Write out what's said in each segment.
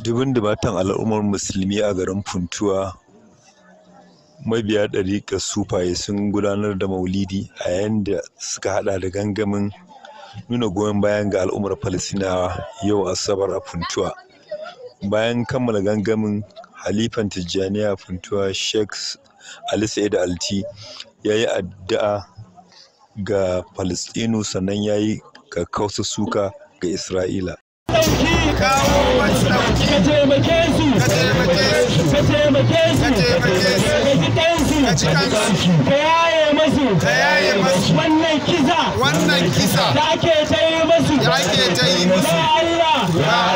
dubin dubatan al'ummar musulmi a garin funtuwa mabiya ɗari ka sufaye sun gudanar da maulidi a yayin da suka hada da gangamin nuna goyon bayan ga al'ummar falasinawa yau asabar a funtuwa bayan kammala gangamin halifan tijjaniya funtuwa sheikh ali sa'id alti ya yi addu'a ga Falistinu sannan ya yi kakkausa suka ga Isra'ila. wannan kisa da ake ta yi masu ya Allah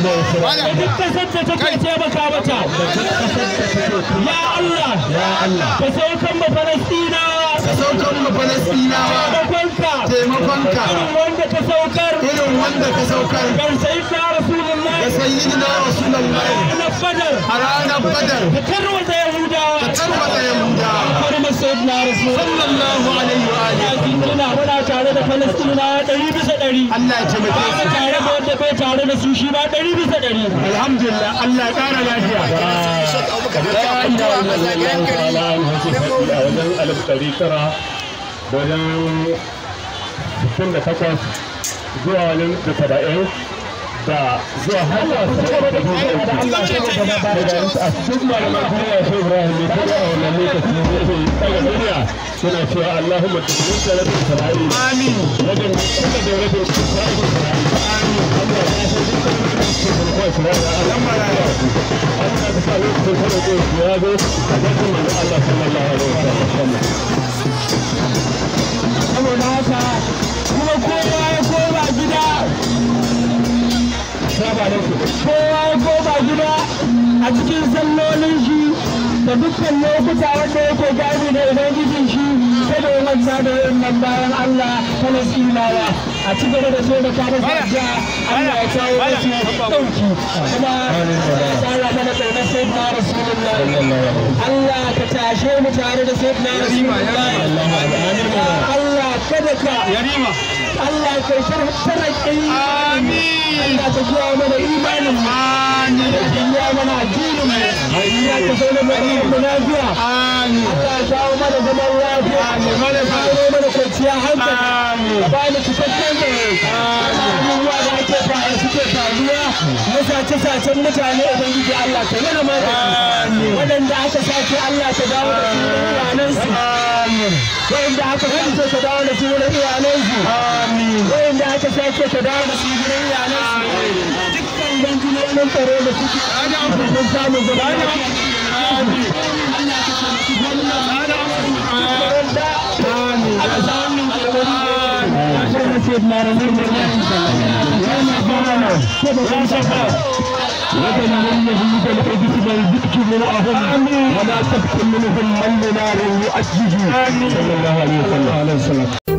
da duk da ta kwace baka ya Allah ma ma wanda na na a ranar Badar a ranar Badar ka tarwata sallallahu alaihi wa alihi tare da Falastinawa ɗari bisa ɗari. Allah ya taimake su. Ba tare da wanda bai tare da su ba ɗari bisa ɗari. Alhamdulillah Allah ya ƙara lafiya. wajen alif ɗari tara wajen sittin da takwas zuwa wani da saba'in wasa zuwa har wasa da gobe da Allah a cikin malaman duniya shi suna cewa Allahumma tabbir salatin sarai amin wajen da dawlatin sarai amin Allah ya san duk da cikin kai sarai Allah ya Allah ya sa lokacin da ya zo da Allah sallallahu alaihi wasallam kowa ya koma gida a cikin sallolin shi da dukkan lokuta wanda yake gani da ubangijin shi kada ya manta da wannan bayan Allah Falasɗinawa a ci gaba da taimaka da Allah ya kawo ɗauki kuma Allah sai na Rasulullah Allah ka tashe mu tare da sai na Rasulullah Allah kada ka Allah ya kai sharaƙin amin Allah ta biya mana imanin amin Allah ta biya mana addinin mu Allah ta zauna mana mu lafiya amin Allah ta kawo mana zaman lafiya amin mana ta kawo mana kwanciya hankali amin ba ni cikakken da amin wa da ake fara suke faruwa na sace sacen mutane idan ubangiji Allah ta mana magani waɗanda aka sace Allah ta dawo da su ranar su amin wanda aka sace su dawo da su wurin iyalansu amin wanda aka sace su dawo da su wurin iyalansu dukkan tsaro da samu zama Allah وذللهم بالقدس والذكر رؤهم ولا تكن منهم من نار يؤجج صلى الله عليه وسلم